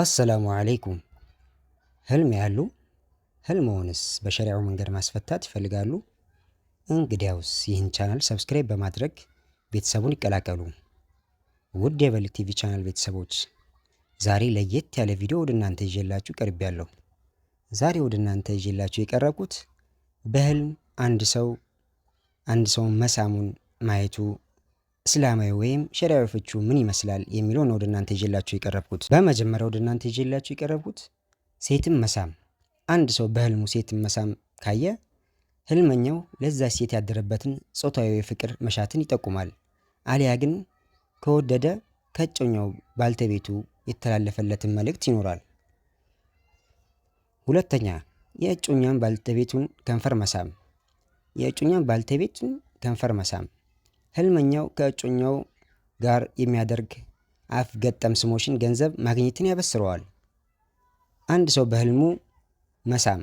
አሰላሙ አለይኩም። ህልም ያሉ ህልምዎንስ በሸሪያው መንገድ ማስፈታት ይፈልጋሉ? እንግዲያውስ ይህን ቻናል ሰብስክራይብ በማድረግ ቤተሰቡን ይቀላቀሉ። ውድ የበል ቲቪ ቻናል ቤተሰቦች ዛሬ ለየት ያለ ቪዲዮ ወደ እናንተ ይዤላችሁ ቀርቤያለሁ። ዛሬ ወደ እናንተ ይዤላችሁ የቀረብኩት በህልም አንድ ሰው አንድ ሰውን መሳሙን ማየቱ እስላማዊ ወይም ሸሪያዊ ፍቹ ምን ይመስላል የሚለው ነው ወደ እናንተ ይዤላችሁ የቀረብኩት። በመጀመሪያ ወደ እናንተ ይዤላችሁ የቀረብኩት ሴትን መሳም። አንድ ሰው በህልሙ ሴትን መሳም ካየ ህልመኛው ለዛ ሴት ያደረበትን ጾታዊ የፍቅር መሻትን ይጠቁማል። አሊያ ግን ከወደደ ከእጮኛው ባልተቤቱ የተላለፈለትን መልእክት ይኖራል። ሁለተኛ የእጮኛን ባልተቤቱን ከንፈር መሳም የእጮኛን ባልተቤቱን ከንፈር መሳም ህልመኛው ከእጮኛው ጋር የሚያደርግ አፍ ገጠም ስሞሽን ገንዘብ ማግኘትን ያበስረዋል። አንድ ሰው በህልሙ መሳም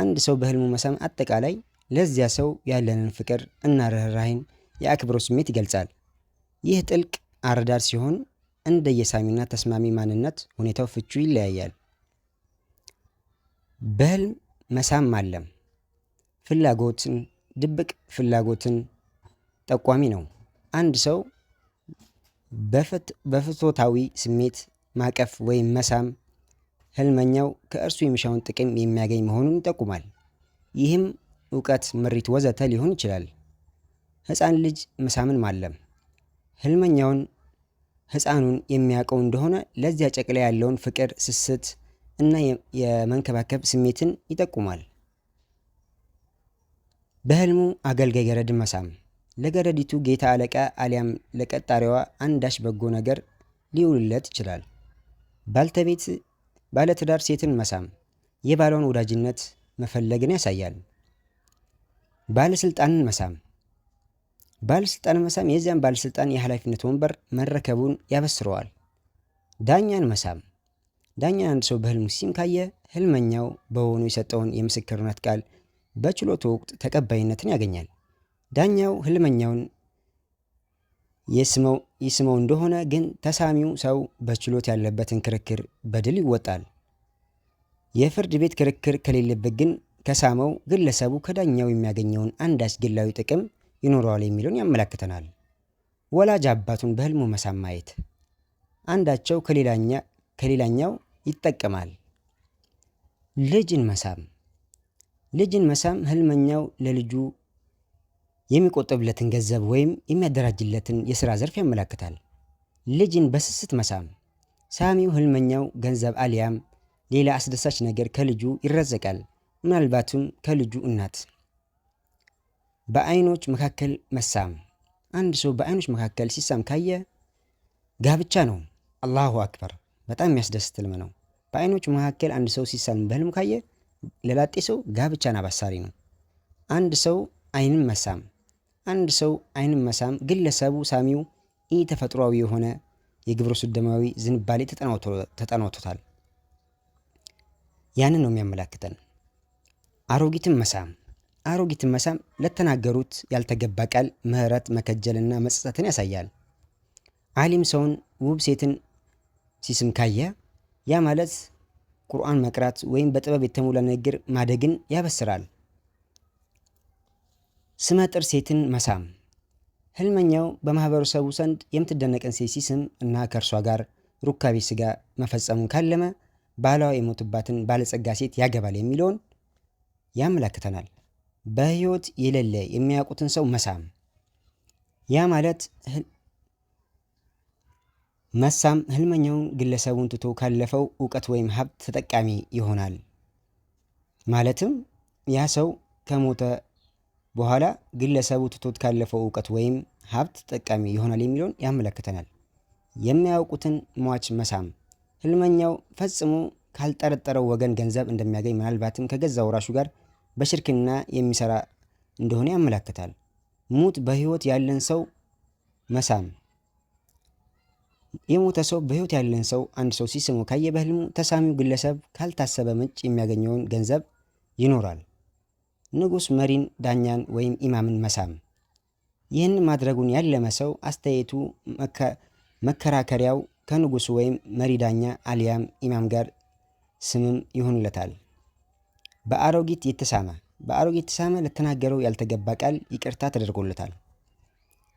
አንድ ሰው በህልሙ መሳም አጠቃላይ ለዚያ ሰው ያለንን ፍቅር እና ርኅራኄን የአክብሮ ስሜት ይገልጻል። ይህ ጥልቅ አረዳድ ሲሆን እንደየሳሚና ተስማሚ ማንነት ሁኔታው ፍቹ ይለያያል። በህልም መሳም ማለም ፍላጎትን ድብቅ ፍላጎትን ጠቋሚ ነው። አንድ ሰው በፍቶታዊ ስሜት ማቀፍ ወይም መሳም ህልመኛው ከእርሱ የሚሻውን ጥቅም የሚያገኝ መሆኑን ይጠቁማል። ይህም እውቀት፣ ምሪት፣ ወዘተ ሊሆን ይችላል። ህፃን ልጅ መሳምን ማለም ህልመኛውን ህፃኑን የሚያውቀው እንደሆነ ለዚያ ጨቅላ ያለውን ፍቅር፣ ስስት እና የመንከባከብ ስሜትን ይጠቁማል። በህልሙ አገልጋይ ገረድን መሳም ለገረዲቱ ጌታ አለቃ አሊያም ለቀጣሪዋ አንዳች በጎ ነገር ሊውልለት ይችላል። ባልተቤት ባለትዳር ሴትን መሳም የባሏን ወዳጅነት መፈለግን ያሳያል። ባለስልጣንን መሳም ባለስልጣን መሳም የዚያን ባለስልጣን የኃላፊነት ወንበር መረከቡን ያበስረዋል። ዳኛን መሳም ዳኛ አንድ ሰው በህልሙ ሲም ካየ ህልመኛው በሆኑ የሰጠውን የምስክርነት ቃል በችሎቱ ወቅት ተቀባይነትን ያገኛል። ዳኛው ህልመኛውን ይስመው እንደሆነ ግን ተሳሚው ሰው በችሎት ያለበትን ክርክር በድል ይወጣል። የፍርድ ቤት ክርክር ከሌለበት ግን ከሳመው ግለሰቡ ከዳኛው የሚያገኘውን አንዳች ግላዊ ጥቅም ይኖረዋል የሚለውን ያመላክተናል። ወላጅ አባቱን በህልሙ መሳም ማየት አንዳቸው ከሌላኛው ይጠቀማል። ልጅን መሳም ልጅን መሳም ህልመኛው ለልጁ የሚቆጠብለትን ገንዘብ ወይም የሚያደራጅለትን የሥራ ዘርፍ ያመለክታል። ልጅን በስስት መሳም ሳሚው ህልመኛው ገንዘብ አሊያም ሌላ አስደሳች ነገር ከልጁ ይረዘቃል፣ ምናልባትም ከልጁ እናት። በአይኖች መካከል መሳም አንድ ሰው በአይኖች መካከል ሲሳም ካየ ጋብቻ ነው። አላሁ አክበር! በጣም የሚያስደስት ህልም ነው። በአይኖች መካከል አንድ ሰው ሲሳም በህልም ካየ ለላጤ ሰው ጋብቻን አባሳሪ ነው። አንድ ሰው አይንም መሳም አንድ ሰው አይንን መሳም ግለሰቡ ሳሚው ይህ ተፈጥሯዊ የሆነ የግብረ ሰዶማዊ ዝንባሌ ተጠናውቶታል። ያንን ነው የሚያመላክተን። አሮጊትን መሳም አሮጊትን መሳም ለተናገሩት ያልተገባ ቃል ምህረት መከጀልና መጸጸትን ያሳያል። አሊም ሰውን ውብ ሴትን ሲስም ካየ ያ ማለት ቁርአን መቅራት ወይም በጥበብ የተሞላ ንግግር ማደግን ያበስራል። ስመጥር ሴትን መሳም። ህልመኛው በማህበረሰቡ ዘንድ የምትደነቅን ሴት ሲስም እና ከእርሷ ጋር ሩካቤ ስጋ መፈጸሙን ካለመ ባሏ የሞትባትን ባለጸጋ ሴት ያገባል የሚለውን ያመላክተናል። በህይወት የሌለ የሚያውቁትን ሰው መሳም። ያ ማለት መሳም ህልመኛውን ግለሰቡን ትቶ ካለፈው እውቀት ወይም ሀብት ተጠቃሚ ይሆናል። ማለትም ያ ሰው ከሞተ በኋላ ግለሰቡ ትቶት ካለፈው እውቀት ወይም ሀብት ተጠቃሚ ይሆናል የሚለውን ያመለክተናል። የሚያውቁትን ሟች መሳም ህልመኛው ፈጽሞ ካልጠረጠረው ወገን ገንዘብ እንደሚያገኝ ምናልባትም ከገዛ ወራሹ ጋር በሽርክና የሚሰራ እንደሆነ ያመለክታል። ሙት በህይወት ያለን ሰው መሳም የሞተ ሰው በህይወት ያለን ሰው አንድ ሰው ሲስሙ ካየ በህልሙ ተሳሚው ግለሰብ ካልታሰበ ምንጭ የሚያገኘውን ገንዘብ ይኖራል። ንጉሥ መሪን፣ ዳኛን ወይም ኢማምን መሳም። ይህን ማድረጉን ያለመ ሰው አስተያየቱ መከራከሪያው ከንጉሱ ወይም መሪ ዳኛ አሊያም ኢማም ጋር ስምም ይሆንለታል። በአሮጊት የተሳመ በአሮጊት የተሳመ ለተናገረው ያልተገባ ቃል ይቅርታ ተደርጎለታል።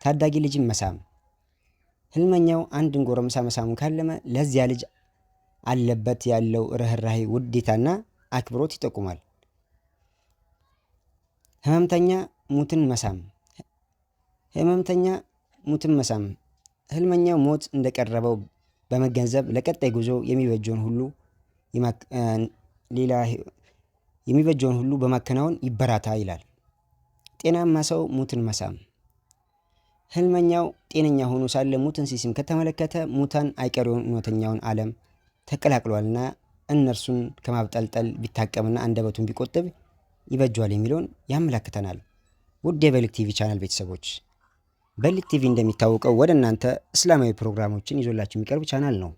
ታዳጊ ልጅም መሳም ህልመኛው አንድን ጎረምሳ መሳሙ ካለመ ለዚያ ልጅ አለበት ያለው ርኅራሄ ውዴታና አክብሮት ይጠቁማል። ህመምተኛ ሙትን መሳም ህመምተኛ ሙትን መሳም ህልመኛው ሞት እንደቀረበው በመገንዘብ ለቀጣይ ጉዞ የሚበጀውን ሁሉ ሌላ የሚበጀውን ሁሉ በማከናወን ይበራታ ይላል። ጤናማ ሰው ሙትን መሳም ህልመኛው ጤነኛ ሆኖ ሳለ ሙትን ሲስም ከተመለከተ ሙታን አይቀሪውን እውነተኛውን ዓለም ተቀላቅሏልና እነርሱን ከማብጠልጠል ቢታቀምና አንደበቱን ቢቆጥብ ይበጇል የሚለውን ያመላክተናል። ውድ የበልግ ቲቪ ቻናል ቤተሰቦች በልግ ቲቪ እንደሚታወቀው ወደ እናንተ እስላማዊ ፕሮግራሞችን ይዞላችሁ የሚቀርብ ቻናል ነው።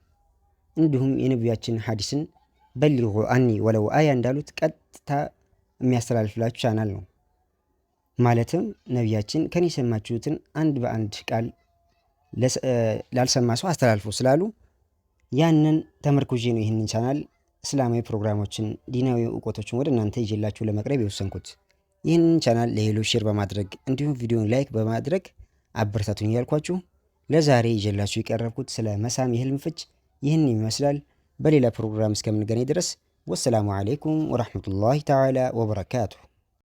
እንዲሁም የነቢያችን ሀዲስን በሊጉ አኒ ወለው አያ እንዳሉት ቀጥታ የሚያስተላልፍላችሁ ቻናል ነው። ማለትም ነቢያችን ከኔ የሰማችሁትን አንድ በአንድ ቃል ላልሰማ ሰው አስተላልፎ ስላሉ ያንን ተመርኩዤ ነው ይህንን ቻናል እስላማዊ ፕሮግራሞችን፣ ዲናዊ እውቀቶችን ወደ እናንተ ይዤላችሁ ለመቅረብ የወሰንኩት። ይህንን ቻናል ለሌሎች ሼር በማድረግ እንዲሁም ቪዲዮን ላይክ በማድረግ አበረታቱኝ ያልኳችሁ። ለዛሬ ይዤላችሁ የቀረብኩት ስለ መሳም የህልም ፍች ይህን ይመስላል። በሌላ ፕሮግራም እስከምንገናኝ ድረስ ወሰላሙ አሌይኩም ወረሕመቱላሂ ተዓላ ወበረካቱ።